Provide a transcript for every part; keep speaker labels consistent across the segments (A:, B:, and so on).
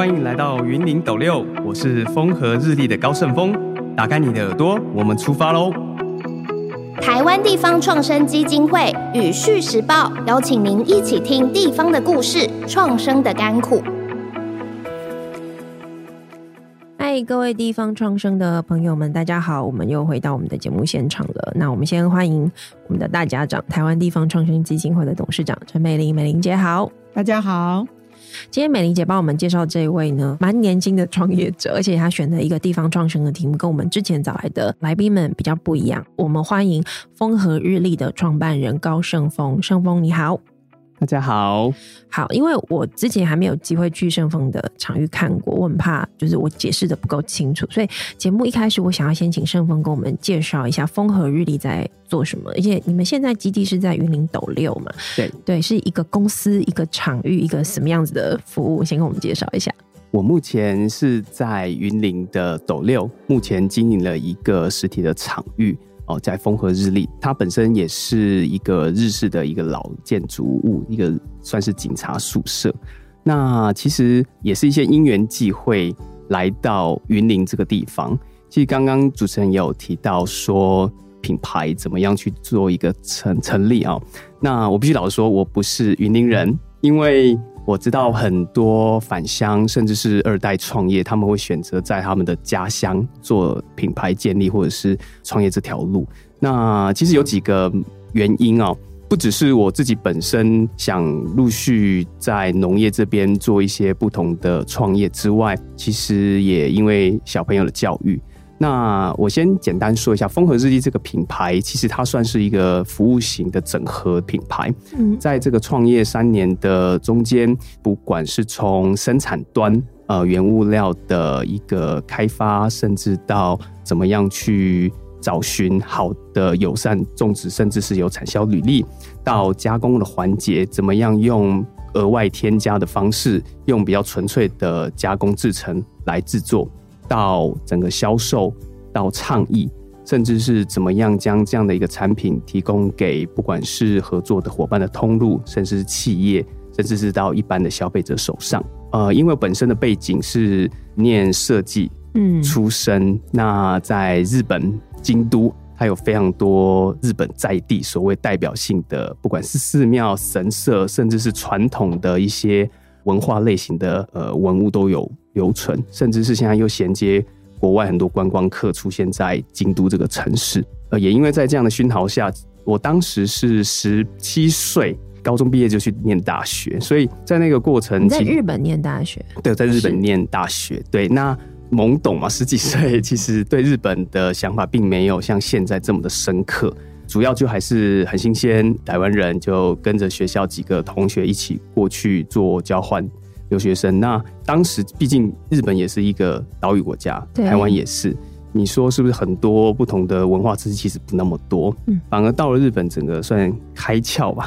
A: 歡迎來到雲林斗六，我是峰禾日秝的高聖峰。打開你的耳朵，我們出發嘍！台灣地方創生基金會與《旭時報》邀請您一起聽地方的故事，創生的甘苦。嗨，
B: 各位地方創生的朋友們，大家好！我們又回到我們的節目現場了。那我們先歡迎我們的大家長——台灣地方創生基金會的董事長陳美伶，美伶姐好，大家好。今天美伶姐幫我們介紹這一位呢，蠻年輕的創業者，而且他選的一個地方創生的題目跟我們之前找來的來賓們比較不一樣。我們歡迎峰禾日秝的創辦人高聖峰，聖峰你好。大家好，好，因為我之前還沒有機會去聖峰的場域看過，我很怕就是我解釋的不夠清楚，所以節目一開始我想要先請聖峰跟我們介紹一下峰禾日秝在做什麼，而且你們現在基地是在雲林斗六嘛？對，對，是一個公司，一個場域，一個什麼樣子的服務，先跟我們介紹一下。
A: 我目前是在雲林的斗六，目前經營了一個實體的場域。哦，在峰禾日秝，它本身也是一個日式的一個老建築物，一個算是警察宿舍。那其實也是一些因緣際會來到雲林這個地方。其實剛剛主持人也有提到說，品牌怎麼樣去做一個成成立啊？那我必須老實說，我不是雲林人，因為。我知道，很多返鄉，甚至是二代創業，他們會選擇在他們的家鄉做品牌建立或者是創業這條路。那其實有幾個原因哦，不只是我自己本身想陸續在農業這邊做一些不同的創業之外，其實也因為小朋友的教育。那我先簡單說一下“峰禾日秝”這個品牌，其實它算是一個服務型的整合品牌。嗯，在這個創業三年的中間，不管是從生產端，呃，原物料的一個開發，甚至到怎麼樣去找尋好的友善種植，甚至是有產銷履歷，到加工的環節，怎麼樣用額外添加的方式，用比較純粹的加工製程來製作。到整個銷售，到創意，甚至是怎麼樣將這樣的一個產品提供給不管是合作的夥伴的通路，甚至是企業，甚至是到一般的消費者手上。呃，因為本身的背景是念設計，嗯，出身。那在日本京都，它有非常多日本在地所謂代表性的，不管是寺廟、神社，甚至是傳統的一些文化類型的呃文物都有。留存，甚至是現在又銜接國外很多觀光客出現在京都這個城市，呃，也因為在這樣的熏陶下，我當時是十七歲，高中畢業就去念大學，所以在那個過程其實，在日
B: 本念大學，對，在日本
A: 念大學，對，那懵懂嘛，十幾歲，其實對日本的想法並沒有像現在這麼的深刻，主要就還是很新鮮，台灣人就跟着學校幾個同學一起過去做交換留學生，那當時畢竟日本也是一個島嶼國家，對啊、台灣也是，你說是不是很多不同的文化知識其實不那麼多，嗯、反而到了日本，整個算開竅吧，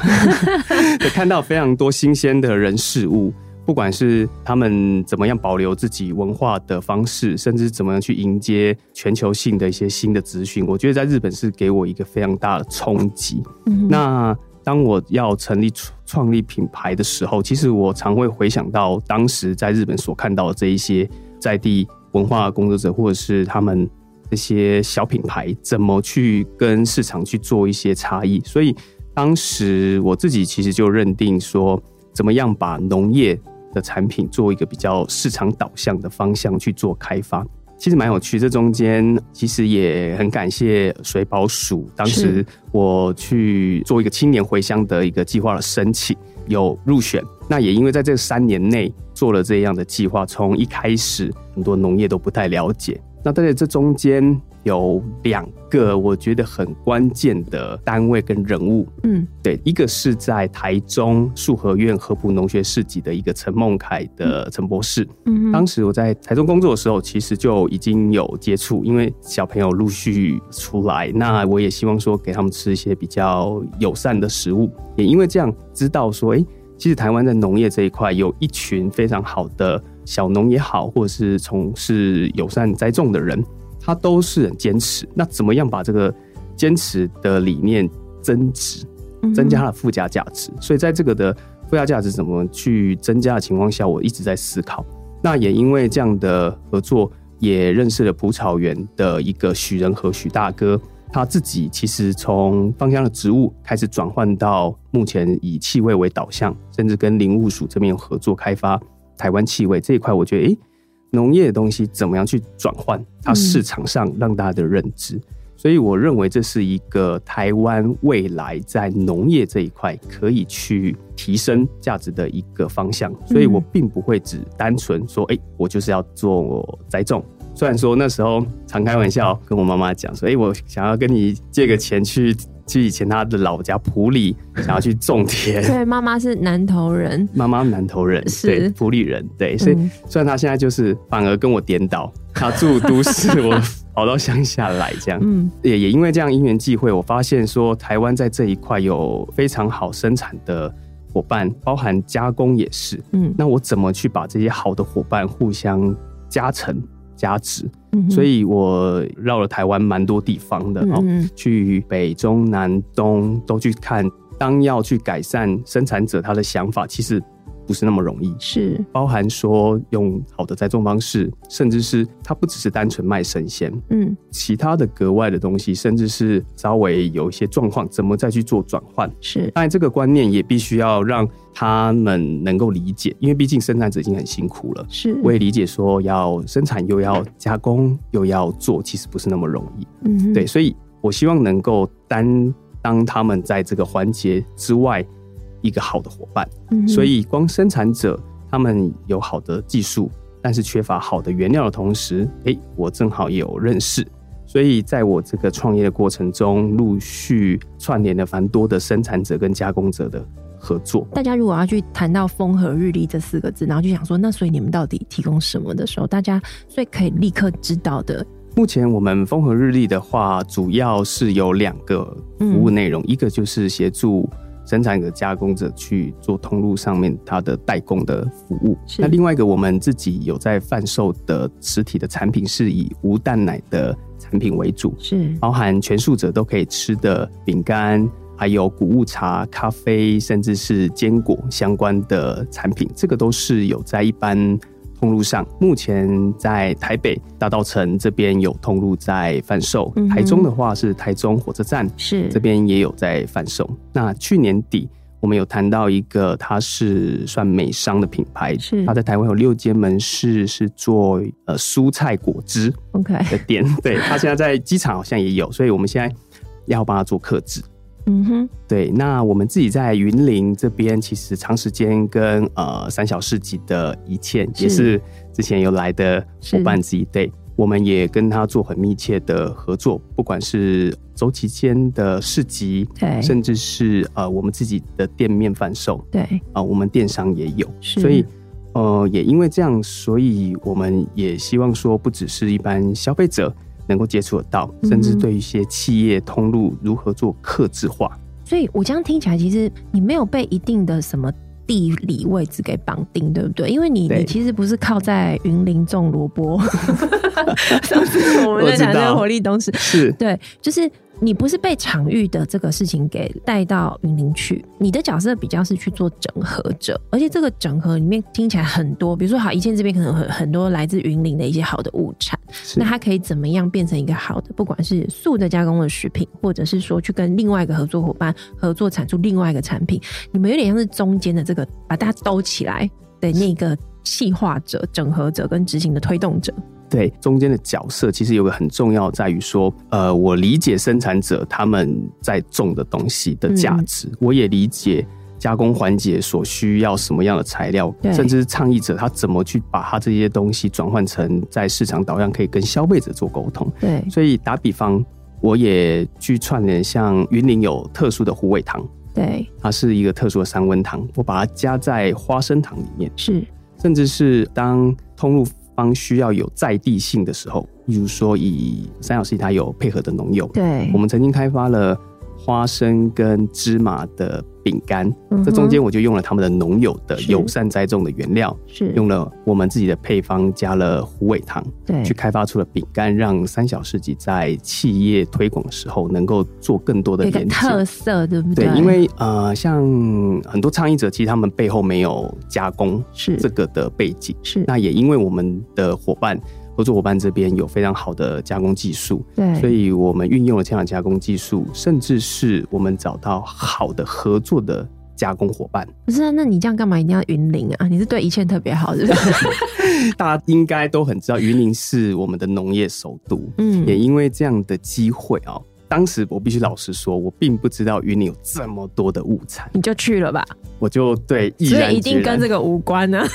A: 看到非常多新鮮的人事物，不管是他們怎麼樣保留自己文化的方式，甚至怎麼樣去迎接全球性的一些新的資訊，我覺得在日本是給我一個非常大的衝擊、嗯。那。當我要成立創立品牌的時候，其實我常會回想到當時在日本所看到的這一些在地文化工作者，或者是他們這些小品牌怎麼去跟市場去做一些差異。所以當時我自己其實就認定說，怎麼樣把農業的產品做一個比較市場導向的方向去做開發。其實蠻有趣，這中間其實也很感謝水保署。當時我去做一個青年回鄉的一個計劃的申請，有入選。那也因為在這三年內做了這樣的計劃，從一開始很多農業都不太了解。那但是這中間有兩個我覺得很關鍵的單位跟人物，
C: 嗯，
A: 對，一個是在台中樹合苑合樸農學市集的一個陳孟凱的陳博士，嗯，當時我在台中工作的時候，其實就已經有接觸，因為小朋友陸續出來，那我也希望說給他們吃一些比較友善的食物，也因為這樣知道說，哎、欸，其實台灣在農業這一塊有一群非常好的。小農也好，或者是從事友善栽種的人，他都是很堅持。那怎麼樣把這個堅持的理念增值，增加了附加價值，嗯？所以在這個的附加價值怎麼去增加的情況下，我一直在思考。那也因為這樣的合作，也認識了蒲草園的一個許仁和許大哥。他自己其實從芳香的植物開始轉換到目前以氣味為導向，甚至跟林務署這邊有合作開發。台灣氣味這一塊，我覺得，哎，農業的東西怎麼樣去轉換它市場上讓大家的認知？嗯。所以我認為這是一個台灣未來在農業這一塊可以去提升價值的一個方向。所以我並不會只單純說，哎，我就是要做我栽種。雖然說那時候常開玩笑跟我媽媽講，說，欸，我想要跟你借個錢去。其實以前他的老家埔里、嗯，想要去種田。對，
B: 媽媽是南投人，
A: 媽媽南投人是對埔里人，對。所以、嗯、雖然他現在就是反而跟我顛倒，他住都市， 我跑到鄉下來這樣。嗯，也也因為這樣因緣際會，我發現說台灣在這一塊有非常好生產的夥伴，包含加工也是。嗯，那我怎麼去把這些好的夥伴互相加成、加值？ 所以我繞了台灣蠻多地方的 哦，去北中南東都去看。當要去改善生產者他的想法，其實。不是那麼容易，是包含說用好的栽種方式，甚至是它，不只是單純賣生鮮，嗯，其他的格外的東西，甚至是稍微有一些狀況，怎麼再去做轉換？是，當然這個觀念也必須要讓他們能夠理解，因為畢竟生產者已經很辛苦了。是，我也理解說要生產又要加工又要做，其實不是那麼容易，嗯，對，所以我希望能夠擔當他們在這個環節之外一個好的夥伴，所以光生產者他們有好的技術，但是缺乏好的原料的同時，誒，我正好也有認識，所以在我這個創業的過程中，陸續串聯了繁多的生產者跟加工者的合作。
B: 大家如果要去談到“峰禾日秝”這四個字，然後就想說，那所以你們到底提供什麼的時候，大家最可以立刻知道的，
A: 目前我們“峰禾日秝”的話，主要是有兩個服務內容，嗯、一個就是協助。生產者、加工者去做通路上面它的代工的服務。那另外一個，我們自己有在販售的實體的產品是以無蛋奶的產品為主，是包含全素者都可以吃的餅乾，還有穀物茶、咖啡，甚至是堅果相關的產品，這個都是有在一般通路上，目前在台北大道城這邊有通路在販售、嗯。台中的話是台中火車站，是這邊也有在販售。那去年底我們有談到一個，它是算美商的品牌，是它在台灣有六間門市，是做呃蔬菜果汁的店。Okay、對，它現在在機場好像也有，所以我們現在要幫他做客製。嗯哼，對。那我們自己在雲林這邊，其實長時間跟呃三小市集的一切，也是之前有來的夥伴自己對，我們也跟他做很密切的合作，不管是周期間的市集，對，甚至是呃我們自己的店面販售，對，啊、呃、我們電商也有，是。所以呃也因為這樣，所以我們也希望說，不只是一般消費者。能夠接觸得到，甚至對一些企業通路，如何做客製化。
B: 嗯。所以，我這樣聽起來，其實你沒有被一定的什麼地理位置給綁定，對不對？因為你你其實不是靠在雲林種蘿蔔， 上次我們在講那個活力東勢，是對，就是。你不是被場域的這個事情給帶到雲林去，你的角色比較是去做整合者，而且這個整合裡面聽起來很多，比如說好一見這邊可能很很多來自雲林的一些好的物產，那它可以怎麼樣變成一個好的，不管是素的加工的食品，或者是說去跟另外一個合作夥伴合作產出另外一個產品，你們有點像是中間的這個把大家兜起來的那個細化者、整合者跟執行的推動者。
A: 對，中間的角色其實有一個很重要，在於說，呃，我理解生產者他們在種的東西的價值，嗯，我也理解加工環節所需要什麼樣的材料，對，甚至是倡議者他怎麼去把他這些東西轉換成在市場導向可以跟消費者做溝通。對，所以打比方，我也去串聯，像雲林有特殊的胡味糖，對，它是一個特殊的三溫糖，我把它加在花生糖裡面，是，甚至是當通路。方需要有在地性的時候，例如說以三角形它有配合的農友，對，我們曾經開發了。花生跟芝麻的餅乾、嗯，這中間我就用了他們的農友的友善栽種的原料，是用了我們自己的配方，加了虎尾糖，對，去開發出了餅乾，讓三小市集在企業推廣的時候能夠做更多的一個特
B: 色，對不對？對，因為
A: 呃，像很多倡議者，其實他們背後沒有加工是這個的背景，是那也因為我們的伙伴。合作夥伴這邊有非常好的加工技術，對，所以我們運用了這樣的加工技術，甚至是我們找到好的合作的加工夥伴。
B: 不是啊，那你這樣幹嘛一定要雲林啊？你是對一切特別好，是不是？
A: 大家應該都很知道，雲林是我們的農業首都，嗯，也因為這樣的機會啊、哦。當時我必須老實說，我並不知道雲林有這麼多的物產。你就去了吧。我就對，所以一定跟這個無關
B: 呢、啊。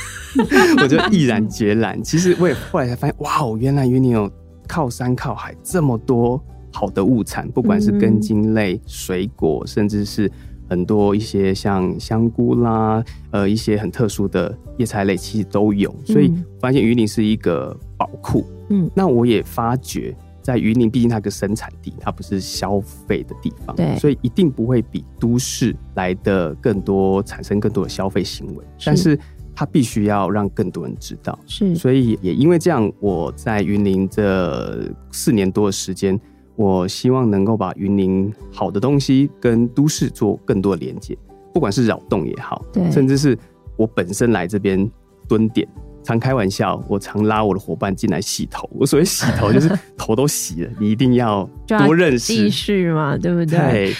B: 我就毅
A: 然決然。 其實我也後來才發現，哇哦，原來雲林有靠山靠海這麼多好的物產，不管是根莖類、水果，甚至是很多一些像香菇啦，呃，一些很特殊的葉菜類，其實都有。所以發現雲林是一個寶庫。嗯，那我也發覺。在雲林，畢竟它是一個生產地，它不是消費的地方，對，所以一定不會比都市來的更多，產生更多的消費行為。但是它必須要讓更多人知道，是，所以也因為這樣，我在雲林這四年多的時間，我希望能夠把雲林好的東西跟都市做更多的連接，不管是擾動也好，對，甚至是我本身來這邊蹲點。常開玩笑，我常拉我的夥伴進來洗頭。我所謂洗頭就是頭都洗了， 你一定要多認識地
B: 嘛，對不對，
A: 對？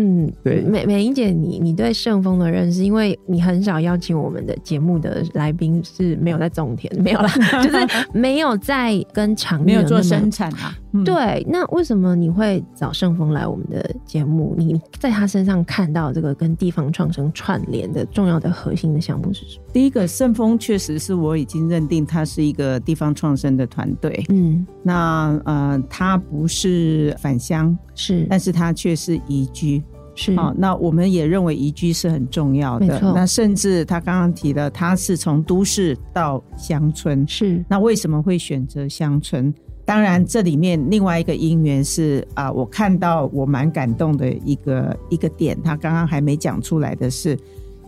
A: 嗯，對。美
B: 美伶姐，你你對聖峰的認識，因為你很少邀請我們的節目的來賓是沒有在種田，沒有啦， 就是沒有在跟廠 沒有做生產啊。嗯、對，那為什麼你會找聖峰來我們的節目？你在他身上看到這個跟地方創生串聯的重要的核心的項目是什麼？
D: 第一個，聖峰確實是我已經認定他是一個地方創生的團隊。嗯，那，那呃，他不是返鄉是，但是他卻是移居是、哦。好，那我們也認為移居是很重要的。沒錯，那甚至他剛剛提了，他是從都市到鄉村是。那為什麼會選擇鄉村？當然，這裡面另外一個因緣是啊、呃，我看到我蠻感動的一個一個點，他剛剛還沒講出來的是，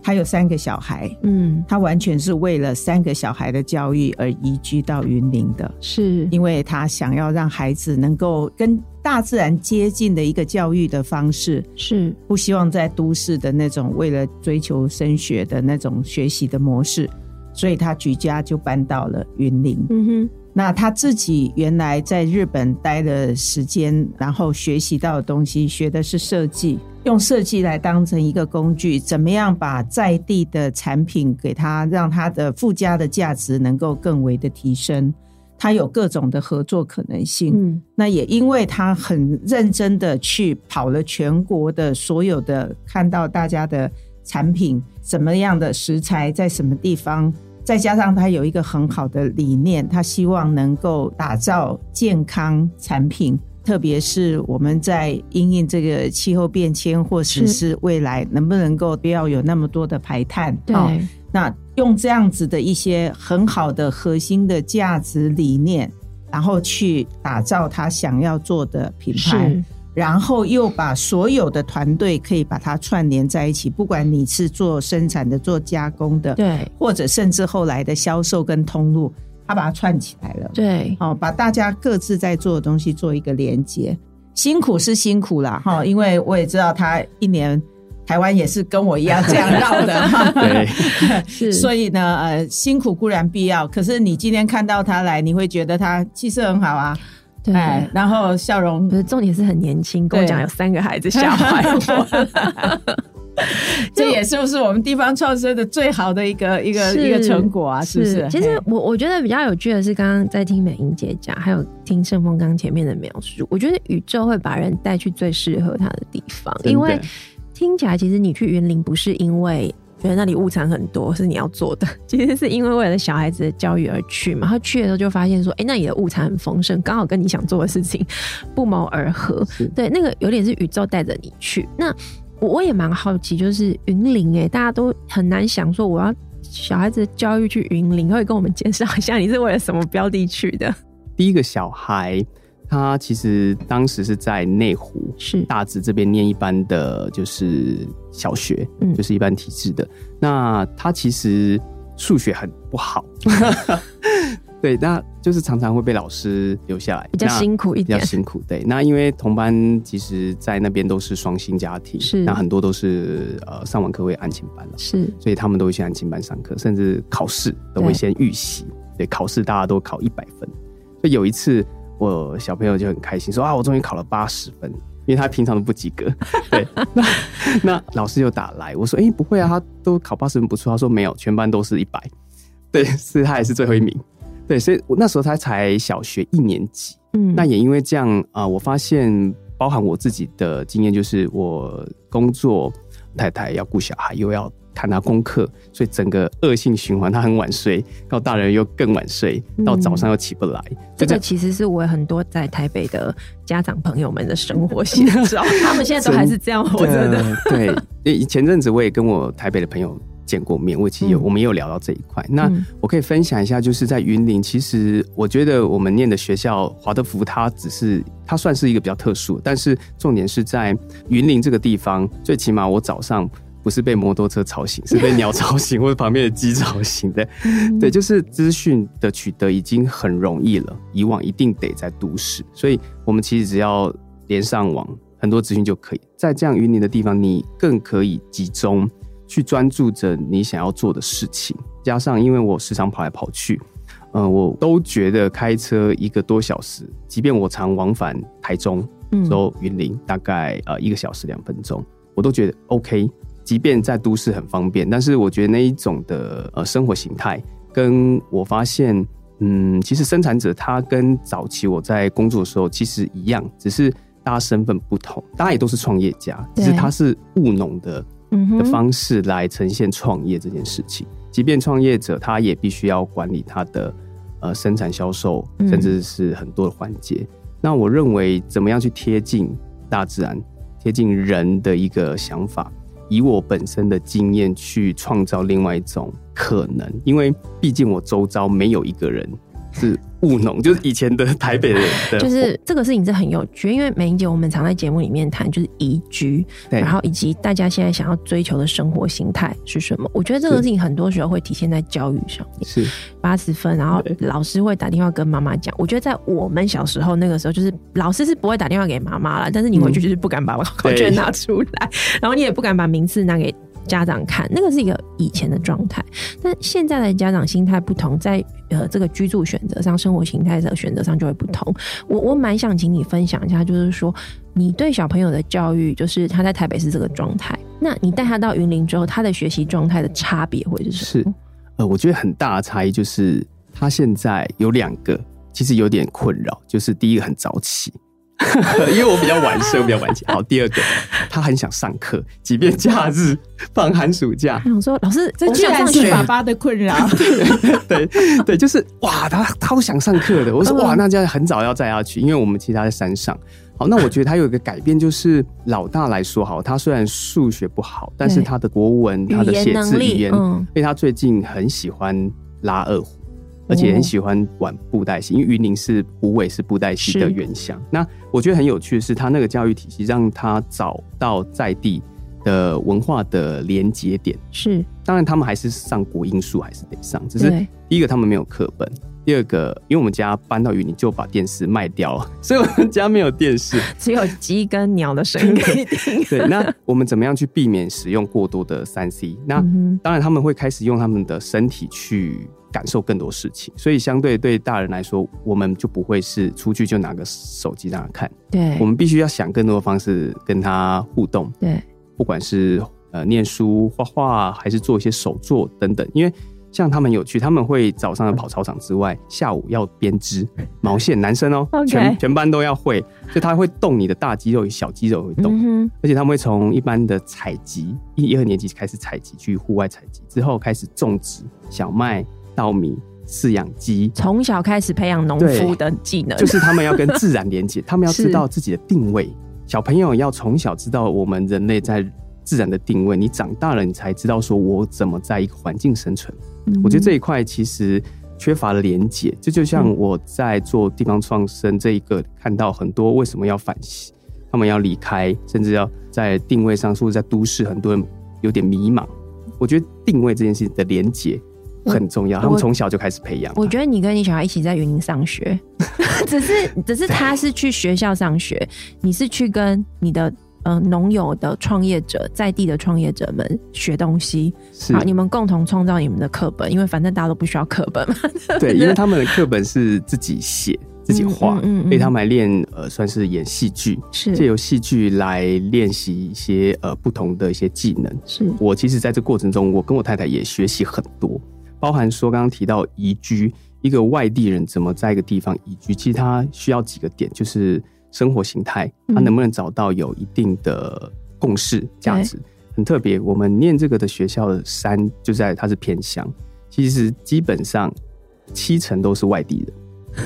D: 他有三個小孩，嗯，他完全是為了三個小孩的教育而移居到雲林的，是因為他想要讓孩子能夠跟大自然接近的一個教育的方式，是不希望在都市的那種為了追求升學的那種學習的模式，所以他舉家就搬到了雲林，嗯哼。那他自己原來在日本待的時間，然後學習到的東西，學的是設計，用設計來當成一個工具，怎麼樣把在地的產品給他，讓他的附加的價值能夠更為的提升。他有各種的合作可能性。嗯，那也因為他很認真的去跑了全國的所有的，看到大家的產品，什麼樣的食材在什麼地方。再加上他有一個很好的理念，他希望能夠打造健康產品，特別是我們在因應這個氣候變遷，或者是未來是能不能夠不要有那麼多的排碳啊、哦？那用這樣子的一些很好的核心的價值理念，然後去打造他想要做的品牌。然後又把所有的團隊可以把它串聯在一起，不管你是做生產的、做加工的，對，或者甚至後來的銷售跟通路，他把它串起來了。對，好、哦，把大家各自在做的東西做一個連接。辛苦是辛苦了哈、哦，因為我也知道他一年台灣也是跟我一樣這樣繞的， 對， 所以呢，呃，辛苦固然必要，可是你今天看到他來，你會覺得他氣色很好啊。
B: 對、啊哎，然後笑容不是重點，是很年輕。跟我講有三個孩子嚇壞我，這也是不是我們地方創生的最好的一個一個一個成果啊？是不是？是其實我我覺得比較有趣的是，剛剛在聽美伶姐講，還有聽聖峰剛前面的描述，我覺得宇宙會把人帶去最適合他的地方，因為聽起來其實你去雲林不是因為。覺得那裡物產很多是你要做的，其實是因為為了小孩子的教育而去嘛。然後去的時候就發現說，哎、欸，那裡的物產很豐盛，剛好跟你想做的事情不謀而合。對，那個有點是宇宙帶着你去。那我，我也蠻好奇，就是雲林哎、欸，大家都很難想說我要小孩子的教育去雲林，可以跟我們介紹一下你是為了什麼標的去的？
A: 第一個小孩。他其實當時是在內湖，是大直這邊念一般的就是小學、嗯，就是一般體制的。那他其實數學很不好，嗯、 對，那就是常常會被老師留下來，比較辛苦一點，那比較辛苦。對，那因為同班其實，在那邊都是雙薪家庭，是那很多都是呃上網課會安親班了，是，所以他們都會去安親班上課，甚至考試都會先預習。對，考試大家都考一百分，所以有一次。我小朋友就很開心，說啊，我終於考了八十分，因為他平常都不及格。對， 那那老師就打來，我說，哎、欸，不會啊，他都考八十分，不錯。他說沒有，全班都是一百，對，所以他也是最後一名。對，所以那時候他才小學一年級，嗯，那也因為這樣啊、呃，我發現包含我自己的經驗，就是我工作。太太要顧小孩，又要看他功課，所以整個惡性循環。他很晚睡，到大人又更晚睡，到早上又起不來、嗯，這。這個其
B: 實是我很多在台北的家長朋友們的生活現狀， 他們現在都還是這樣活着的。
A: 對， 對前陣子我也跟我台北的朋友。見過面，我其實有，嗯、我們也有聊到這一塊。那我可以分享一下，就是在雲林、嗯，其實我覺得我們念的學校華德福，它只是它算是一個比較特殊，但是重點是在雲林這個地方。最起碼我早上不是被摩托車吵醒，是被鳥吵醒， 或者旁邊的雞吵醒的，嗯。對，就是資訊的取得已經很容易了，以往一定得在都市，所以我們其實只要連上網，很多資訊就可以。在這樣雲林的地方，你更可以集中。去專注着你想要做的事情，加上因為我時常跑來跑去，嗯、呃，我都覺得開車一個多小時，即便我常往返台中、嗯，都雲林，大概呃一個小時兩分鐘，我都覺得 OK。即便在都市很方便，但是我覺得那一種的呃生活形態，跟我發現，嗯，其實生產者他跟早期我在工作的時候其實一樣，只是大家身份不同，大家也都是創業家，只是他是務農的。的方式來呈現創業這件事情，即便創業者他也必須要管理他的呃生產、銷售，甚至是很多的環節。嗯。那我認為，怎麼樣去貼近大自然、貼近人的一個想法，以我本身的經驗去創造另外一種可能，因為畢竟我周遭沒有一個人是。 務農就是以前的台北人對。就是
B: 這個事情是很有趣，因為美伶姐我們常在節目裡面談，就是移居，然後以及大家現在想要追求的生活形態是什麼？我覺得這個事情很多時候會體現在教育上
C: 面，
B: 是八十分，然後老師會打電話跟媽媽講。我覺得在我們小時候那個時候，就是老師是不會打電話給媽媽了，但是你回去就是不敢把考卷拿出來，然後你也不敢把名次拿給。家長看，那個是一個以前的狀態，但現在的家長心態不同，在呃這個居住選擇上、生活形態的選擇上就會不同。我我蠻想請你分享一下，就是說你對小朋友的教育，就是他在台北是這個狀態，那你帶他到雲林之後，他的學習狀態的差別會是什麼？
A: 是，呃，我覺得很大的差異就是他現在有兩個，其實有點困擾，就是第一個很早起。 因為我比較晚睡，我比較晚起。好，第二個，他很想上課，即便假日、嗯、放寒暑假。想
D: 說，老師，這居然是爸爸的困
A: 擾。對對，對，對，就是哇，他超想上課的。我說、嗯、哇，那這樣很早要帶他去，因為我們其他在山上。好，那我覺得他有一個改變，就是老大來說哈，他雖然數學不好，但是他的國文、他的寫字、語言，語言、嗯，因為他最近很喜歡拉二胡。而且很喜歡玩布袋戲，因為雲林是虎尾是布袋戲的原鄉。那我覺得很有趣的是，他那個教育體系讓他找到在地的文化的連接點。是，當然他們還是上國音數還是得上，只是第一個他們沒有課本，第二個因為我們家搬到雲林就把電視賣掉了，所以我們家沒有電視，
B: 只有雞跟鳥的聲音。 對，那
A: 我們怎麼樣去避免使用過多的三 C？那當然他們會開始用他們的身體去。感受更多事情，所以相對對大人來說，我們就不會是出去就拿個手機讓他看。對，我們必須要想更多的方式跟他互動。對，不管是呃念書、畫畫，還是做一些手作等等。因為像他們有趣，他們會早上的跑操場之外，嗯、下午要編織毛線，男生哦，okay、全全班都要會，所以他會動你的大肌肉與小肌肉也會動。嗯，而且他們會從一般的採集，一一二年級開始採集去戶外採集之後開始種植小麥。嗯稻米、飼養雞，
B: 從小開始培養農夫的技能，就是他們要跟自
A: 然連接， 他們要知道自己的定位。小朋友要從小知道我們人類在自然的定位，你長大了你才知道說我怎麼在一個環境生存。嗯。我覺得這一塊其實缺乏了連接，這就，就像我在做地方創生這一個，看到很多為什麼要反省，他們要離開，甚至要在定位上，是不是在都市很多人有點迷茫。我覺得定位這件事情的連接。很重要，嗯、他們從小就開始培養。我
B: 覺得你跟你小孩一起在雲林上學， 只是只是他是去學校上學，你是去跟你的呃農友的創業者、在地的創業者們學東西，是你們共同創造你們的課本，因為反正大家都不需要課本嘛，是不是？對，因為
A: 他們的課本是自己寫、自己畫，被、嗯嗯嗯嗯、他們練呃，算是演戲劇，是借由戲劇來練習一些呃不同的一些技能。是我其實在這過程中，我跟我太太也學習很多。包含說剛剛提到移居，一個外地人怎麼在一個地方移居，其實他需要幾個點，就是生活形態，他能不能找到有一定的共識價值、嗯。很特別，我們念這個的學校的山就在它是偏鄉，其實基本上七成都是外地人，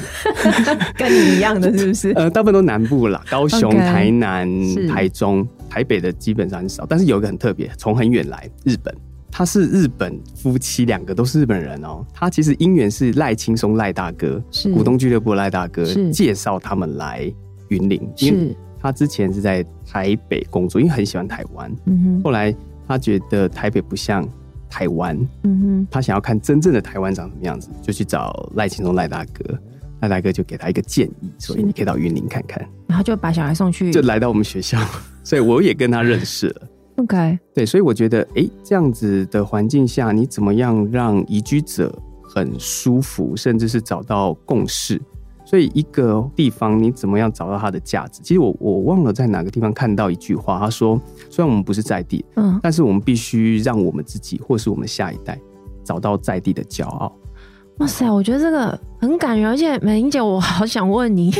B: 跟你一樣的
A: 是不是？ 呃，大部分都南部啦，高雄、台南、Okay. 台中、台北的基本上很少，但是有一個很特別，從很遠來，日本。他是日本夫妻，兩個都是日本人哦。他其實姻緣是賴青松賴大哥，穀東俱樂部賴大哥是介紹他們來雲林，是因為他之前是在台北工作，因為很喜歡台灣。嗯哼，後來他覺得台北不像台灣，嗯哼，他想要看真正的台灣長什麼樣子，嗯、就去找賴青松賴大哥。賴大哥就給他一個建議，所以你可以到雲林看看。然後就把小孩送去，就來到我們學校，所以我也跟他認識了。 OK，對，所以我覺得，哎、欸，這樣子的環境下，你怎麼樣讓移居者很舒服，甚至是找到共識？所以一個地方，你怎麼樣找到它的價值？其實我我忘了在哪個地方看到一句話，他說：“雖然我們不是在地，嗯，但是我們必須讓我們自己或是我們下一代找到在地的驕傲。”
B: 哇塞，我覺得這個很感人，而且美伶姐，我好想問你，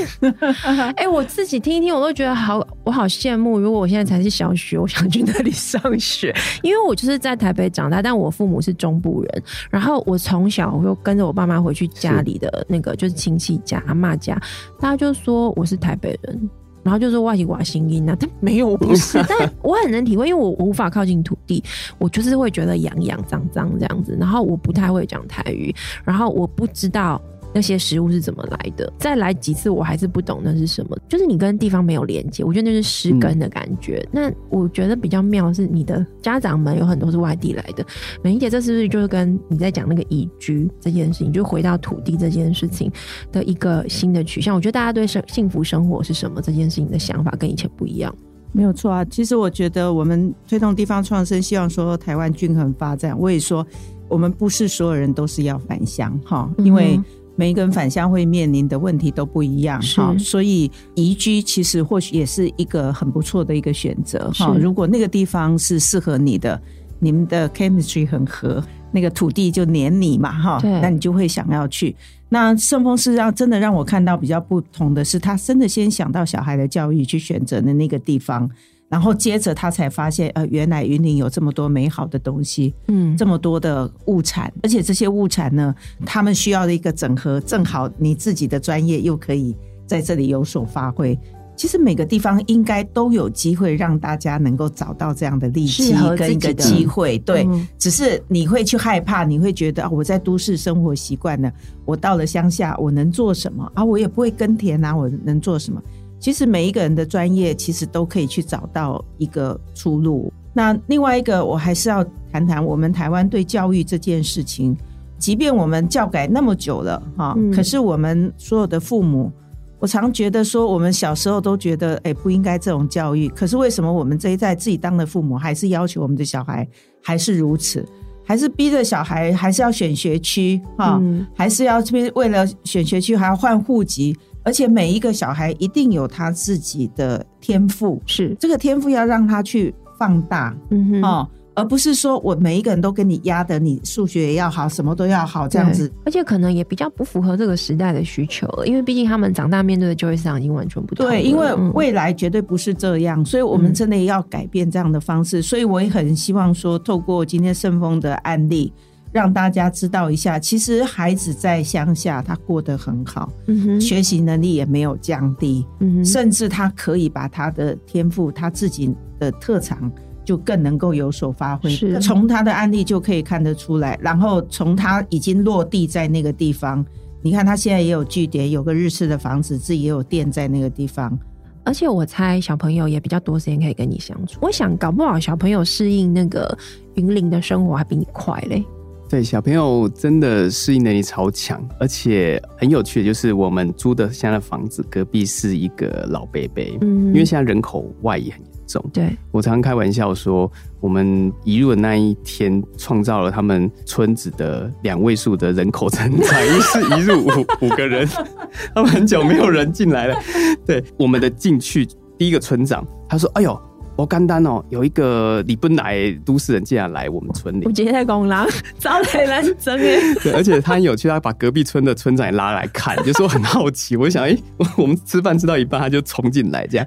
B: 哎、 欸，我自己聽一聽，我都覺得好，我好羨慕。如果我現在才是小學，我想去那裡上學， 因為我就是在台北長大，但我父母是中部人，然後我從小我就跟着我爸媽回去家裡的那個，是就是親戚家、阿嬤家，大家就說我是台北人。然後就說是外省哇，新音啊，但沒有，我不是， 但我很能體會，因為我無法靠近土地，我就是會覺得癢癢、髒髒這樣子。然後我不太會講台語，然後我不知道。那些食物是怎麼來的？再來幾次我還是不懂那是什麼。就是你跟地方沒有連接，我覺得那是失根的感覺。嗯、那我覺得比較妙是你的家長們有很多是外地來的。美伶姐，這是不是就是跟你在講那個移居這件事情？就回到土地這件事情的一個新的取向。我覺得大家對生幸福生活是什麼這件事情的想法跟以前不一樣。沒有錯啊，其實我覺
D: 得我們推動地方創生，希望說台灣均衡發展。我也說我們不是所有人都是要返鄉哈，因為。每一個人返鄉會面臨的問題都不一樣，哈、哦，所以移居其實或許也是一個很不錯的一個選擇，哈、哦。如果那個地方是適合你的，你們的 chemistry 很合，那個土地就黏你嘛，哈、哦，那你就會想要去。那聖峰是讓真的讓我看到比較不同的是，他真的先想到小孩的教育去選擇的那個地方。然後接着他才發現，呃，原來雲林有這麼多美好的東西，嗯，這麼多的物產，而且這些物產呢，他們需要的一個整合，正好你自己的專業又可以在這裡有所發揮。其實每個地方應該都有機會讓大家能夠找到這樣的利機跟一個機會，對，嗯。只是你會去害怕，你會覺得，啊，我在都市生活習慣了，我到了鄉下，我能做什麼？啊，我也不會耕田啊，我能做什麼？其實每一個人的專業，其實都可以去找到一個出路。那另外一個，我還是要談談我們台灣對教育這件事情。即便我們教改那麼久了哈、嗯，可是我們所有的父母，我常覺得說，我們小時候都覺得，哎，不應該這種教育。可是為什麼我們這一代自己當的父母，還是要求我們的小孩還是如此，還是逼着小孩還是要選學區哈，還是要這邊、嗯、為了選學區還要換戶籍。而且每一個小孩一定有他自己的天賦，是這個天賦要讓他去放
B: 大，嗯哼哦，而不是說我每一個人都跟你壓的，你數學也要好，什麼都要好這樣子。而且可能也比較不符合這個時代的需求，因為畢竟他們長大面對的就業市場已經完全不同了。對，因為未來絕對不是這樣，所以我們真的要改變這樣的方
D: 式。嗯、所以我也很希望說，透過今天聖峰的案例。讓大家知道一下，其實孩子在鄉下他過得很好，嗯、學習能力也沒有降低，嗯，甚至他可以把他的天賦、他自己的特長就更能夠有所發揮。從他的案例就可以看得出來，然後從他已經落地在那個地方，你看他現在也有據點，有個日式的房子，自己也有店
B: 在那個地方。而且我猜小朋友也比較多時間可以跟你相處。我想搞不好小朋友適應那個雲林的生活還比你快嘞。
A: 對，小朋友真的適應能力超強，而且很有趣的就是，我們租的現在的房子隔壁是一個老伯伯，嗯，因為現在人口外移很嚴重。對，我常常開玩笑說，我們移入的那一天創造了他們村子的兩位數的人口增長，因為是移入五五個人，他們很久沒有人進來了。對，我們的進去第一個村長，他說：“哎呦。”我剛剛哦，有一個你不來的都市人竟然來我們村裡。我
B: 今天在工人招財來爭哎。
A: 對，而且他很有趣，他把隔壁村的村長也拉來看， 就說很好奇。我想，哎、欸，我們吃飯吃到一半，他就衝進來，這樣。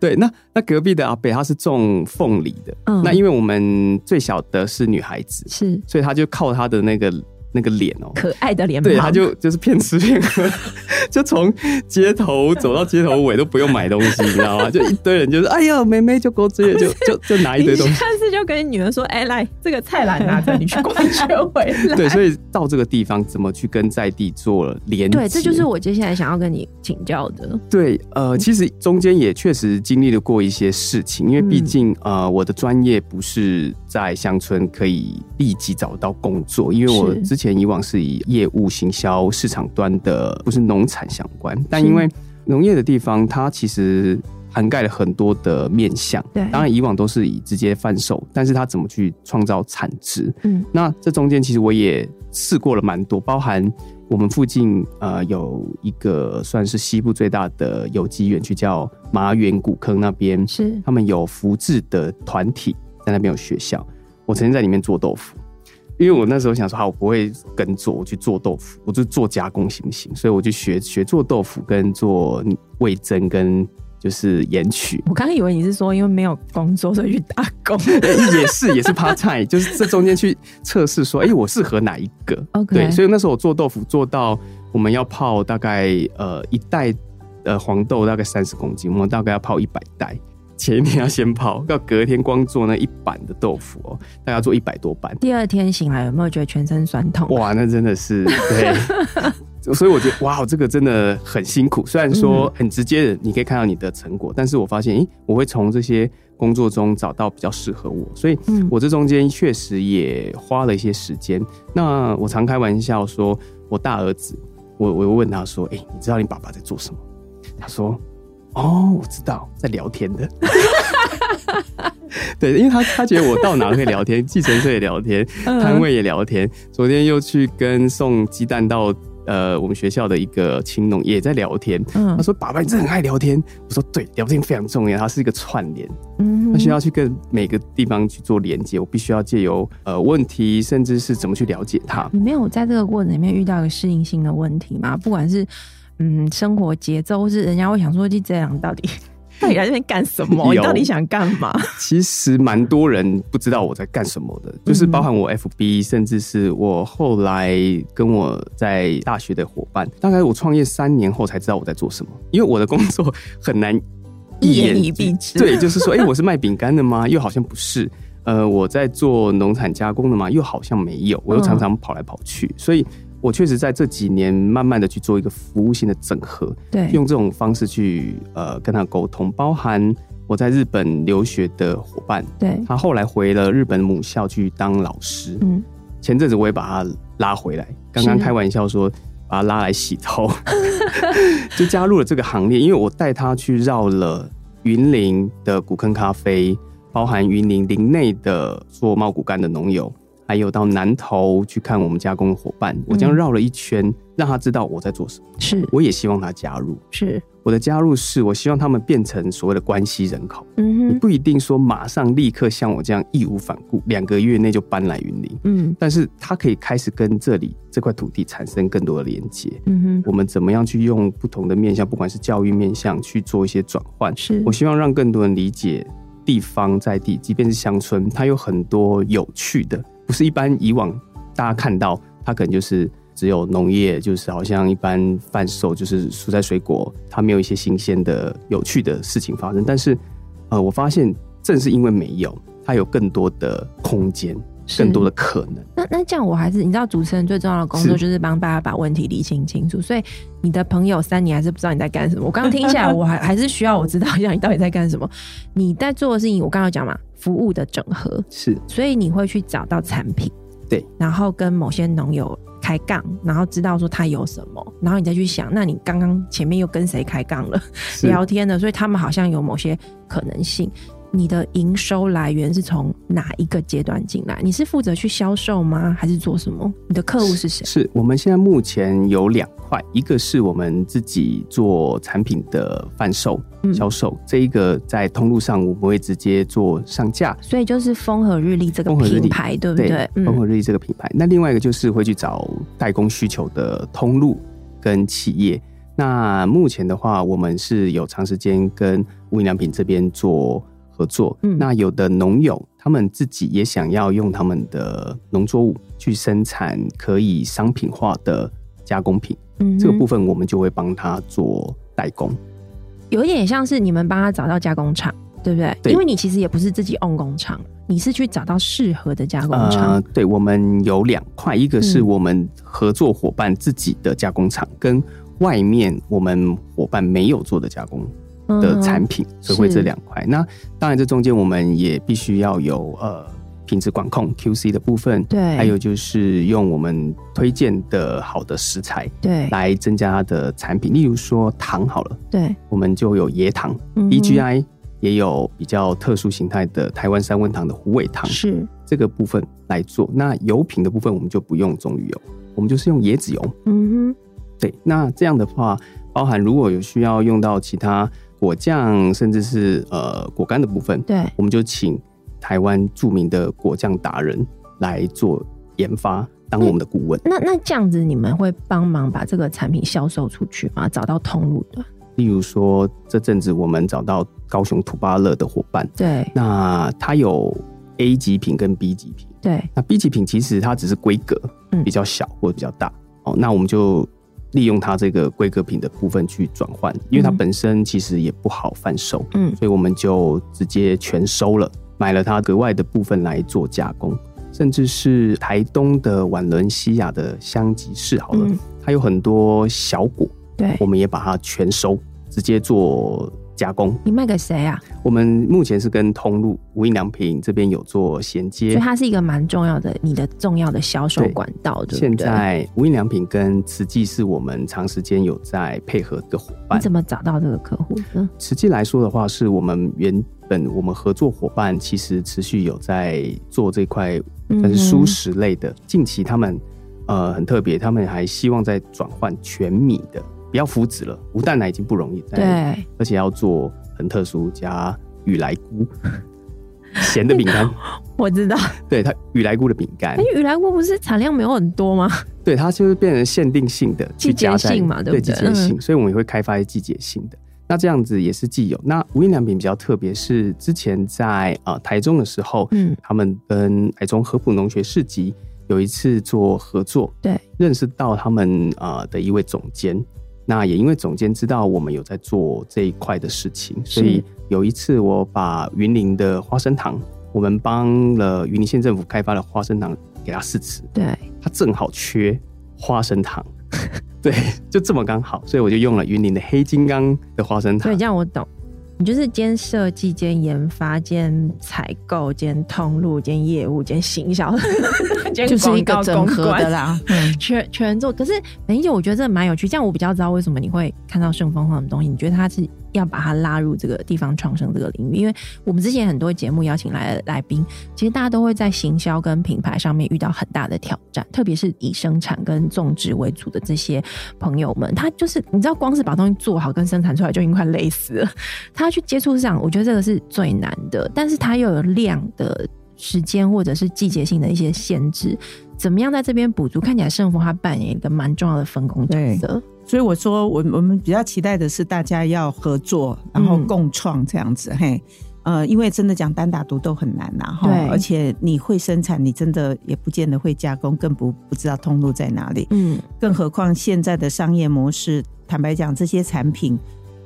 A: 對，那那隔壁的阿北他是種鳳梨的，嗯，那因為我們最小的是女孩子，是，所以他就靠他的那個。那個臉哦，
B: 可愛的臉，對，他就
A: 就是騙吃騙喝， 就從街頭走到街頭尾都不用買東西， 你知道嗎？就一堆人就是哎呀，妹妹就勾子，就就就拿一堆東西，
B: 但是就跟女兒說，哎，來，這個菜籃拿着，你去逛街
A: 回來。對，所以到這個地方怎麼去跟在地做了連結？對，這就是
B: 我接下來想要跟你請教的。
A: 對，呃，其實中間也確實經歷了過一些事情，因為畢竟呃，我的專業不是在鄉村可以立即找到工作，因為我之前。以前以往是以業務、行銷、市場端的，不是農產相關。但因為農業的地方，它其實涵蓋了很多的面向。對，當然以往都是以直接販售，但是它怎麼去創造產值？嗯，那這中間其實我也試過了蠻多，包含我們附近呃有一個算是西部最大的有機園區，叫麻園古坑那邊，是他們有福智的團體在那邊有學校，我曾經在裡面做豆腐。因為我那時候想說，哈、啊，我不會耕作，我去做豆腐，我就做加工行不行？所以我就學學做豆腐，跟做味噌，跟就是鹽麴。我剛
B: 剛以為你是說，因為沒有工作，所以去打
A: 工， 欸、也是也是 part time，就是這中間去測試說，哎、欸，我適合哪一個、okay. 對，所以那時候我做豆腐做到我們要泡大概呃一袋呃黃豆，大概三十公斤，我們大概要泡一百袋。前一天要先泡，要隔天光做那一板的豆腐哦，那要做一百多板。第
B: 二天醒來有沒有覺得全身痠痛？哇，那真
A: 的是。對 所以我覺得，哇，這個真的很辛苦。雖然說很直接的，你可以看到你的成果，但是我發現，誒，我會從這些工作中找到比較適合我。所以，我這中間確實也花了一些時間、嗯。那我常開玩笑說，我大兒子，我我問他說，誒、欸，你知道你爸爸在做什麼？他說。哦，我知道，在聊天的。 對，因為他他覺得我到哪可以聊天，計程車也聊天，攤 位也聊天、嗯。昨天又去跟送雞蛋到呃我們學校的一個青農也在聊天、嗯。他說：“爸爸，你真的很愛聊天。”我說：“對，聊天非常重要，它是一個串聯。嗯，嗯，他需要去跟每個地方去做連接，我必須要借由呃問題，甚至是怎麼去了解他。”
B: 你沒有在這個過程裡面遇到一個適應性的問題嗎？不管是。嗯，生活節奏，或是人家會想說，就這樣，到底到底來這邊幹什麼？你到底想幹嘛？
A: 其實蠻多人不知道我在幹什麼的， 就是包含我 FB，甚至是我後來跟我在大學的夥伴，大概我創業三年後才知道我在做什麼，因為我的工作很難
C: 一言，一言以蔽之。對，就是說，誒、欸、我
A: 是賣餅乾的嗎？又好像不是。呃，我在做農產加工的嗎？又好像沒有。我又常常跑來跑去，嗯、所以。我確實在這幾年慢慢的去做一個服務性的整合，對，用這種方式去呃跟他溝通，包含我在日本留學的夥伴，對，他後來回了日本母校去當老師，
C: 嗯，
A: 前陣子我也把他拉回來，剛剛開玩笑說把他拉來洗頭， 就加入了這個行列，因為我帶他去繞了雲林的古坑咖啡，包含雲林林內的做茂谷柑的農友。還有到南投去看我們加工的伙伴，我這樣繞了一圈、嗯，讓他知道我在做什麼。是，我也希望他加入。是，我的加入是，我希望他們變成所謂的關係人口、嗯。你不一定說馬上立刻像我這樣義無反顧，兩個月內就搬來雲林。嗯，但是他可以開始跟這裡這塊土地產生更多的連接、嗯。我們怎麼樣去用不同的面向，不管是教育面向去做一些轉換？是，我希望讓更多人理解地方在地，即便是鄉村，它有很多有趣的。不是一般以往大家看到，它可能就是只有農業，就是好像一般販售，就是蔬菜水果，它沒有一些新鮮的、有趣的事情發生。但是，呃，我發現正是因為沒有，它有更多的空間，更多的可能。
B: 那那這樣我還是，你知道主持人最重要的工作就是幫大家把問題理清清楚。所以你的朋友三年還是不知道你在幹什麼。我剛聽起來 我還還是需要我知道一下你到底在幹什麼？你在做的事情，我剛剛有講嘛。服務的整合是，所以你會去找到產品，對，然後跟某些農友開槓，然後知道說他有什麼，然後你再去想，那你剛剛前面又跟誰開槓了，聊天了，所以他們好像有某些可能性。你的營收來源是從哪一個階段進來？你是負責去銷售嗎？還是做什麼？
A: 你的客戶是誰？是,是我們現在目前有兩塊，一個是我們自己做產品的販售、嗯、銷售，這一個在通路上我們會直接做上架。
B: 所以就是峰禾日秝這個品牌，對不對,對？峰禾
A: 日秝這個品牌、嗯。那另外一個就是會去找代工需求的通路跟企業。那目前的話，我們是有長時間跟無印良品這邊做。合作，嗯，那有的農友他們自己也想要用他們的農作物去生產可以商品化的加工品，嗯，這個部分我們就會幫他做代工。
B: 有一點像是你們幫他找到加工廠，對不對？對，因為你其實也不是自己 own 工廠，你是去找到適合的加工廠。呃，
A: 對，我們有兩塊，一個是我們合作夥伴自己的加工廠，嗯，跟外面我們夥伴沒有做的加工的產品，所以會這兩塊。那當然，這中間我們也必須要有呃品質管控 QC 的部分，對，還有就是用我們推薦的好的食材，對，來增加它的產品。例如說糖好了，對，我們就有椰糖 BGI 也有比較特殊形態的台灣三溫糖的虎尾糖，是這個部分來做。那油品的部分我們就不用棕櫚油，我們就是用椰子油。嗯
C: 哼，
A: 對。那這樣的話，包含如果有需要用到其他。果醬，甚至是呃果乾的部分，對，我們就請台灣著名的果醬達人來做研發，當我們的顧問。欸、那那
B: 這樣子，你們會幫忙把這個產品銷售出去嗎？找到通路的？
A: 例如說，這陣子我們找到高雄土巴樂的夥伴，對，那它有 A 級品跟 B 級品，對，那 B 級品其實它只是規格，比較小或者比較大，嗯。哦，那我們就。利用它這個規格品的部分去轉換，因為它本身其實也不好販售、嗯。所以我們就直接全收了，買了它格外的部分來做加工，甚至是台東的晚崙西亞的香吉士，好了，它有很多小果、嗯，我們也把它全收，直接做。加工，你賣給誰啊？我們目前是跟通路無印良品這邊有做銜接，所以它是
B: 一個蠻重要的，你的重要的銷售管道。對，現在對
A: 對，無印良品跟慈濟是我們長時間有在配合的夥伴。你怎麼找到這個客戶呢？慈濟來說的話，是我們原本我們合作夥伴，其實持續有在做這塊，但是蔬食類的，嗯。近期他們呃很特別，他們還希望在轉換全米的。不要麩質了，無蛋奶已經不容易在，對，而且要做很特殊，加雨來菇鹹 的餅餅乾，
B: 我知道，
A: 對它雨來菇的餅乾，因、欸、為
B: 雨來菇不是產量沒有很多嗎？
A: 對，它就是變成限定性的去加季節性嘛，對不對？對，季節性嗯、所以，我們也會開發一些季節性的。那這樣子也是既有。那無印良品比較特別，是之前在呃台中的時候，嗯，他們跟台中合浦農學市集有一次做合作，對，認識到他們啊、呃、的一位總監。那也因為總監知道我們有在做這一塊的事情，所以有一次我把雲林的花生糖，我們幫了雲林縣政府開發的花生糖給他試吃，對，他正好缺花生糖， 對，就這麼剛好，所以我就用了雲林的黑金剛的花生糖，對，這樣我懂。
B: 你就是兼設計、兼研發、兼採購、兼通路、兼業務、兼行銷， 兼廣告笑就是一個整合的啦。嗯，全，全全做。可是美姐，我覺得這蠻有趣，這樣我比較知道為什麼你會看到順豐這的東西，你覺得它是？要把它拉入這個地方創生這個領域，因為我們之前很多節目邀請來的來賓，其實大家都會在行銷跟品牌上面遇到很大的挑戰，特別是以生產跟種植為主的這些朋友們，他就是你知道，光是把東西做好跟生產出來就已經快累死了。他去接觸市場，我覺得這個是最難的，但是他又有量的時間或者是季節性的一些限制，怎麼樣在這邊補足？看起來聖峰，他扮演一個蠻重要的分工角色。所以我說，我我們比較期待的是大家要合
D: 作，然後共創這樣子，嘿，呃，因為真的講單打獨鬥很難吶、啊，然後而且你會生產，你真的也不見得會加工，更不不知道通路在哪裡，嗯，更何況現在的商業模式，坦白講，這些產品。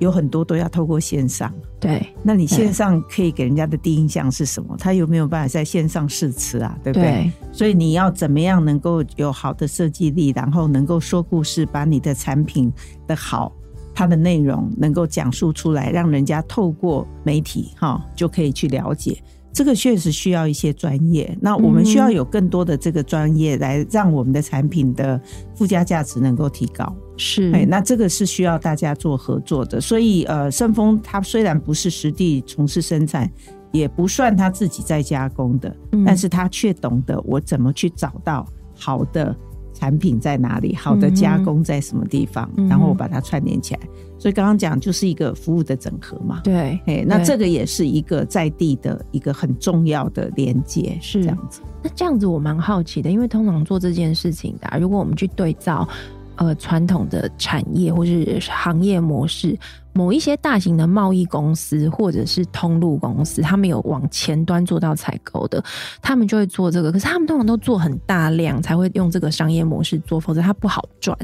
D: 有很多都要透過線上，對。那你線上可以給人家的第一印象是什麼？他有沒有辦法在線上試吃啊？對不對？對。所以你要怎麼樣能夠有好的設計力，然後能夠說故事，把你的產品的好，它的內容能夠講述出來，讓人家透過媒體哈就可以去了解。這個確實需要一些專業。那我們需要有更多的這個專業來讓我們的產品的附加價值能夠提高。是，哎，那這個是需要大家做合作的，所以呃，聖峰它雖然不是實地從事生產，也不算他自己在加工的，嗯、但是他卻懂得我怎麼去找到好的產品在哪裡，好的加工在什麼地方，嗯、然後我把它串聯起來。嗯、所以剛剛講就是一個服務的整合嘛，對，哎，那這個也是一個在地的一個很重要的連
B: 接，是這樣子。那這樣子我蠻好奇的，因為通常做這件事情的，啊，如果我們去對照。呃，傳統的產業或是行業模式，某一些大型的貿易公司或者是通路公司，他們有往前端做到採購的，他們就會做這個。可是他們通常都做很大量，才會用這個商業模式做，否則它不好賺。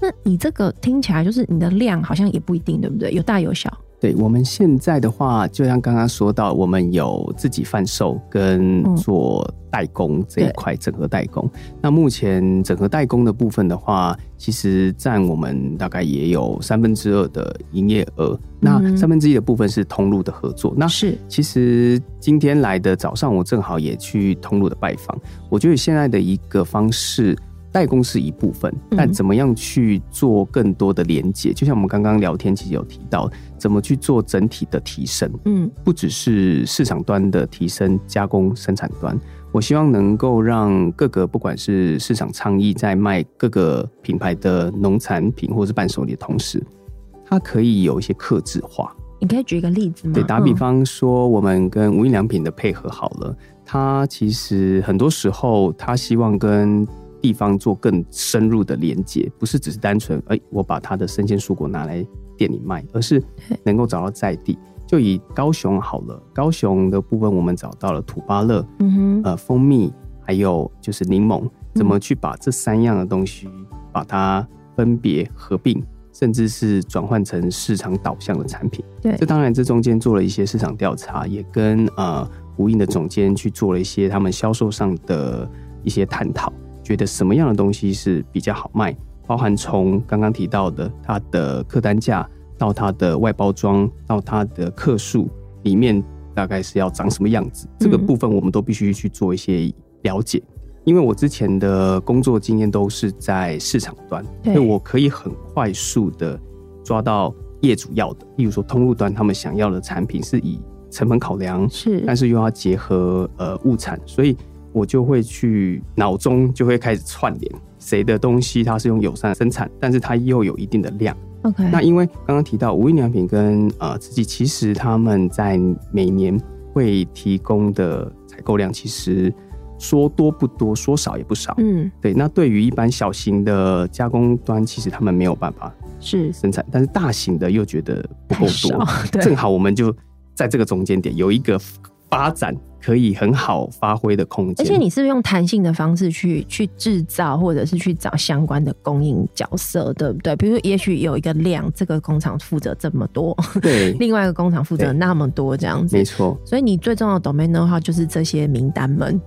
B: 那你這個聽起來就是你的量好像也不一定，對不對？有大有小。
A: 對，我們現在的話，就像剛剛說到，我們有自己販售跟做代工、嗯、這一塊，整合代工。那目前整合代工的部分的話，其實佔我們大概也有三分之二的營業額。嗯、那三分之一的部分是通路的合作。是，那是其實今天來的早上，我正好也去通路的拜訪。我覺得現在的一個方式。代工是一部分，但怎麼樣去做更多的連接、嗯？就像我們剛剛聊天，其實有提到怎麼去做整體的提升。嗯，不只是市場端的提升，加工生產端，我希望能夠讓各個不管是市場倡議在賣各個品牌的農產品，或是伴手禮的同時，它可以有一些客製化。
B: 你可以舉一個例子嗎？對，打比
A: 方說，我們跟無印良品的配合好了，嗯、它其實很多時候，它希望跟地方做更深入的連接，不是只是單純哎、欸，我把他的生鮮蔬果拿來店裡賣，而是能夠找到在地。就以高雄好了，高雄的部分我們找到了土芭樂，嗯哼，呃，蜂蜜還有就是檸檬，怎麼去把這三樣的東西把它分別合併，甚至是轉換成市場導向的產品？對，這當然這中間做了一些市場調查，也跟呃無印的總監去做了一些他們銷售上的一些探討。覺得什麼樣的東西是比較好賣？包含從剛剛提到的它的客單價，到它的外包裝，到它的克數裡面，大概是要長什麼樣子？嗯、這個部分我們都必須去做一些了解。因為我之前的工作經驗都是在市場端，那我可以很快速的抓到業主要的，例如說通路端他們想要的產品是以成本考量是，但是又要結合呃物產，所以。我就會去腦中就會開始串聯誰的東西，它是用友善生產，但是它又有一定的量。OK，那因為剛剛提到無印良品跟呃慈濟，其實他們在每年會提供的採購量，其實說多不多，說少也不少。嗯，對。那對於一般小型的加工端，其實他們沒有辦法是生產是，但是大型的又覺得不夠多，正好我們就在這個中間點有一個。發展可以很好發揮的空間，而且你
B: 是用彈性的方式去去製造，或者是去找相關的供應角色，對不對？比如說，也許有一個量，這個工廠負責這麼多，對；另外一個工廠負責那麼多，這樣子，沒錯。所以你最重要的 domain 的話，就是這些名單
A: 們。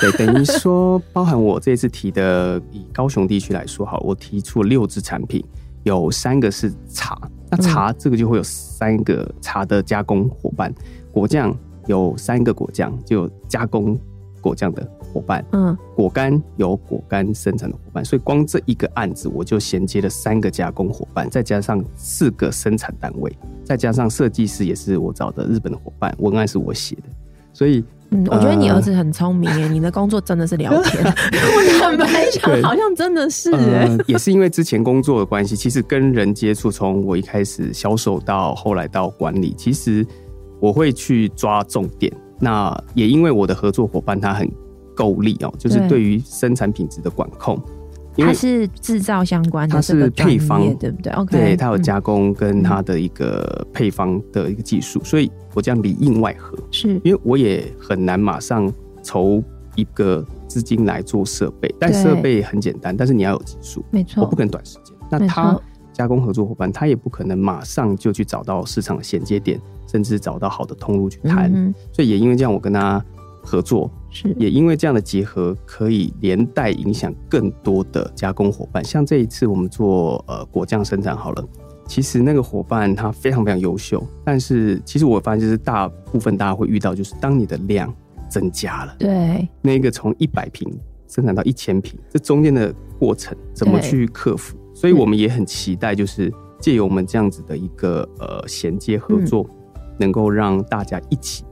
A: 對，等於說， 包含我這次提的，以高雄地區來說，哈，我提出了六支產品，有三個是茶，那茶、嗯、這個就會有三個茶的加工夥伴，果醬。嗯有三個果醬，就有加工果醬的夥伴，嗯，果乾有果乾生產的夥伴，所以光這一個案子我就銜接了三個加工夥伴，再加上四個生產單位，再加上設計師也是我找的日本的夥伴，文案是我寫的，所以，嗯，我覺得你兒子
B: 很聰明哎， 你的工作真的是聊天， 我坦白講，好像真的是哎。嗯，
A: 也是因為之前工作的關係，其實跟人接觸，從我一開始銷售到後來到管理，其實。我會去抓重點。那也因為我的合作夥伴他很夠力哦，喔，就是對於生產品質的管控，它是
B: 製造相關的，它是配方對不對？OK，它，嗯、
A: 有加工跟它的一個配方的一個技術，嗯，所以我這樣裡應外合，是因為我也很難馬上籌一個資金來做設備，但設備很簡單，但是你要有技術，沒錯，我不可能短時間。那它。加工合作夥伴，他也不可能馬上就去找到市場的銜接點，甚至找到好的通路去談。嗯，所以也因為這樣，我跟他合作，是，也因為這樣的結合，可以連帶影響更多的加工夥伴。像這一次我們做呃果醬生產好了，其實那個夥伴他非常非常優秀，但是其實我發現就是大部分大家會遇到，就是當你的量增加
B: 了，
A: 對，那個從一百瓶生產到一千瓶，這中間的過程怎麼去克服？所以我們也很期待，就是借由我們這樣子的一個呃銜接合作，嗯、能夠讓大家一起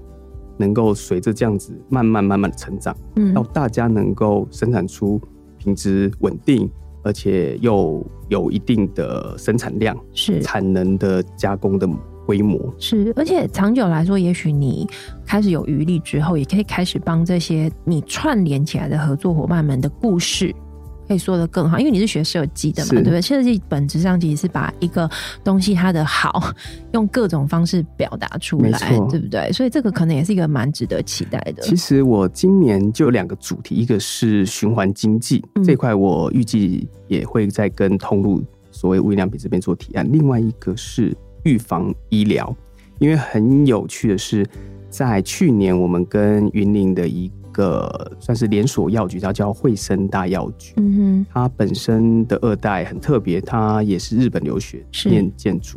A: 能夠隨着這樣子慢慢慢慢的成長，嗯，讓大家能夠生產出品質穩定，而且又有一定的生產量是產能的加工的規模
B: 是，而且長久來說，也許你開始有餘力之後，也可以開始幫這些你串聯起來的合作伙伴們的故事。可以說得更好，因為你是學設計的嘛，對不對？設計本質上其實是把一個東西它的好用各種方式表達出來，對不對？所以這個可能也是一個蠻值得期待的，嗯。其
A: 實我今年就有兩個主題，一個是循環經濟、嗯、這塊，我預計也會再跟通路所謂無印良品這邊做提案，另外一個是預防醫療，因為很有趣的是，在去年我們跟雲林的一。個算是連鎖藥局，它叫惠生大藥局。嗯哼，它本身的二代很特別，它也是日本留學建築，是建築。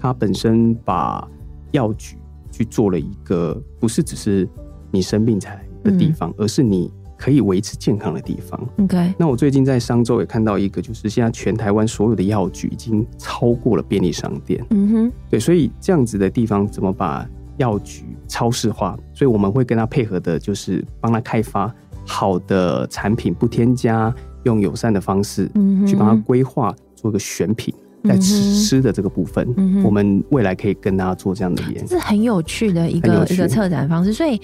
A: 它本身把藥局去做了一個，不是只是你生病才的地方，嗯、而是你可以維持健康的地方。OK，那我最近在商周也看到一個，就是現在全台灣所有的藥局已經超過了便利商店。嗯哼，對，所以這樣子的地方怎麼把？藥局超市化，所以我們會跟他配合的，就是幫他開發好的產品，不添加，用友善的方式，嗯，去幫他規劃做個選品，嗯、在吃吃的這個部分、嗯，我們未來可以跟他做這樣的研究，是
B: 很有趣的一個一個策展方式，所以。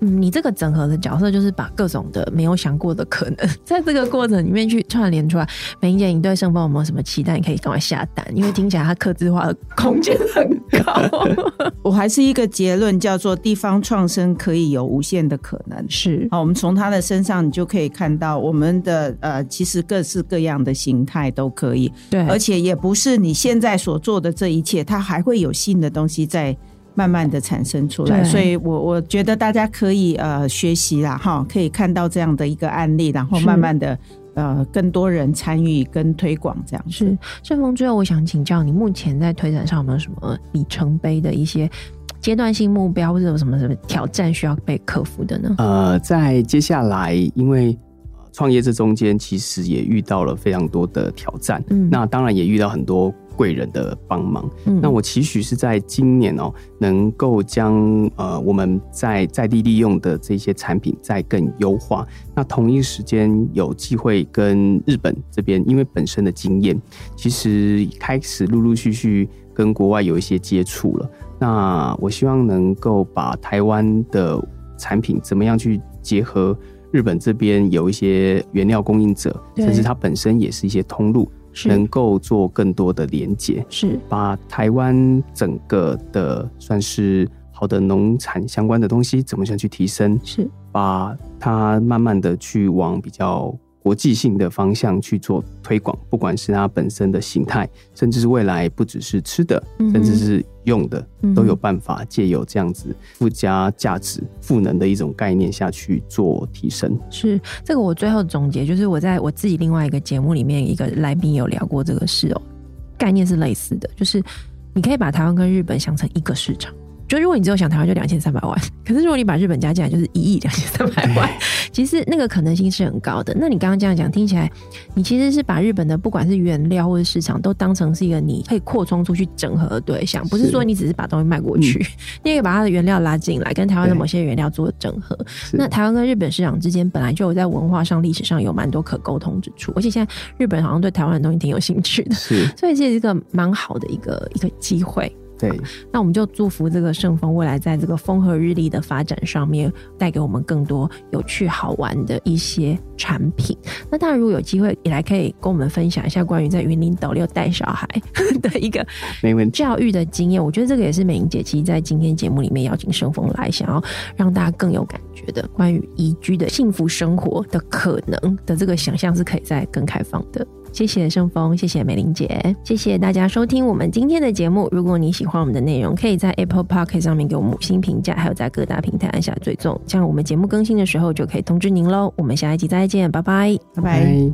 B: 嗯、你這個整合的角色，就是把各種的沒有想過的可能，在這個過程裡面去串聯出來。美伶姐，你對聖峰有沒有什麼期待？你可以趕快下單，因為聽起來它客製化的空間很高。
D: 我還是一個結論，叫做地方創生可以有無限的可能。是，好，我們從他的身上，你就可以看到我們的呃，其實各式各樣的形態都可以。對，而且也不是你現在所做的這一切，他還會有新的東西在。慢慢的產生出來，所以我我覺得大家可以呃學習啦哈，可以看到這樣的一個案例，然後慢慢的呃更多人參與跟推
B: 廣這樣是。聖峰，最後我想請教你，目前在推展上有沒有什麼里程碑的一些階段性目標，或者有什麼什麼挑戰需要被克服的呢？
A: 呃，在接下來，因為創業這中間其實也遇到了非常多的挑戰，嗯、那當然也遇到很多。貴人的幫忙，那我期許是在今年喔，能夠將呃我們在在地利用的這些產品再更優化。那同一時間有機會跟日本這邊，因為本身的經驗，其實開始陸陸續續跟國外有一些接觸了。那我希望能夠把台灣的產品怎麼樣去結合日本這邊有一些原料供應者，甚至它本身也是一些通路，能夠做更多的連結，是把台灣整個的算是好的農產相關的東西，怎麼樣去提升，是把它慢慢的去往比較國際性的方向去做推廣，不管是它本身的形態，甚至是未來不只是吃的，甚至是用的，都有辦法借由這樣子附加價值賦能的一種概念下去做提升。
B: 是這個，我最後總結就是，我在我自己另外一個節目裡面一個來賓有聊過這個事哦、喔，概念是類似的，就是你可以把台灣跟日本想成一個市場。就如果你只有想台灣就兩千三百萬，可是如果你把日本加進來就是一億兩千三百萬。 其實那個可能性是很高的。那你剛剛這樣講聽起來，你其實是把日本的不管是原料或者市場都當成是一個你可以擴充出去整合的對象，不是說你只是把東西賣過去，嗯、你也可以把它的原料拉進來，跟台灣的某些原料做整合。那台灣跟日本市場之間本來就有在文化上、歷史上有蠻多可溝通之處，而且現在日本好像對台灣的東西挺有興趣的，是，所以這是一個蠻好的一個一個機會。對，那我們就祝福這個聖峰未來在這個峰禾日秝的發展上面，帶給我們更多有趣好玩的一些產品。那當然，如果有機會，也來可以跟我們分享一下關於在雲林斗六帶小孩的一個教育的經驗。沒問題。我覺得這個也是美伶姐其實在今天節目裡面邀請聖峰來，想要讓大家更有感覺的關於宜居的幸福生活的可能的這個想象是可以再更開放的。謝謝聖峰，謝謝美伶姐，謝謝大家收聽我們今天的節目。如果你喜歡我們的內容，可以在 Apple Podcast 上面給我們五星評價，還有在各大平台按下追蹤。這樣我們節目更新的時候就可以通知您嘍。我們下一集再見，拜拜，拜拜。